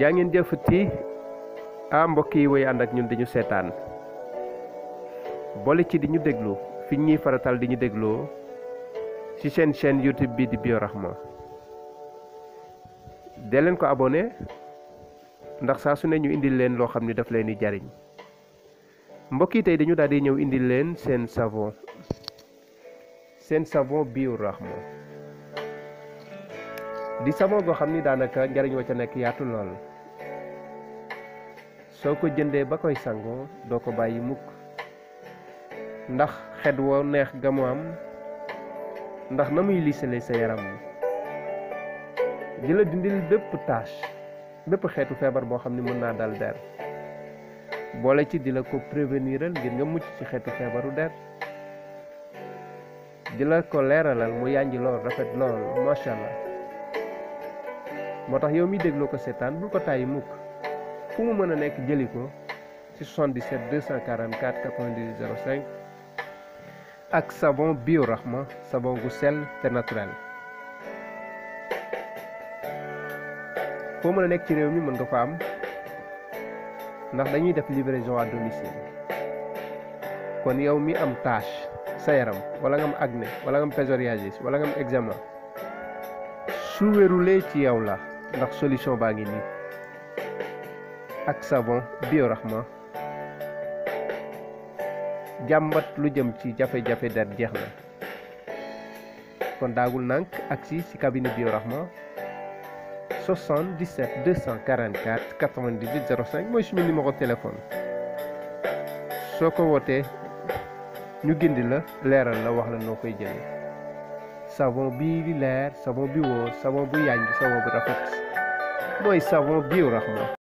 jaa ngeen jëfati a mbokk yi woy ànd ak ñun dañu seetaan boole ci di ñu déglu fi ñuy faratal di ñu dégloo ci seen chaîne YouTube bi di Biorahma dee leen ko abone ndax saa su ne ñu indil leen loo xam ni daf leen di jariñ mbokk tey dañu daal di ñëw indil seen savon seen savon Biorahma di samoo goo xam ni daanaka njariñ wa ca nekk yaatu lool soo ko jëndee ba koy sangoo doo ko bàyyi mukk ndax xet woo neex ga am ndax na muy liisale sa yaram di la dindil bépp tâche bépp xeetu feebar boo xam ni mën naa dal der boole ci di la ko préveniral ngir nga mucc ci xeetu feebaru der di la ko leeralal mu yànji lool rafet lool macha moo tax yow mi dégloo ko seetaan bul ko tàyyi mukk fu mu mën a nekk jëli ko ci 77 244 90 05 ak savon bio rahma savon gu sell te naturel. foo mën a nekk ci réew mi mën nga ko am ndax dañuy def livraison à domicile kon yow mi am tâche sa yaram wala nga am acné wala nga am psoriasis wala nga am eczéma su wérulee ci yow la ndax solution baa ngi nii ak savon biorahma jàmbat lu jëm ci jafe-jafe dat jeex na kon daagul nànk ak si si cabinet biorahma 77 244 98 05 mooy suñu numéro téléphone soo ko wootee ñu gindi la leeral la wax la noo koy jëlee savon bii di leer savon bi wóor savon bu yànj savon bu rafet mooy savon bio rahma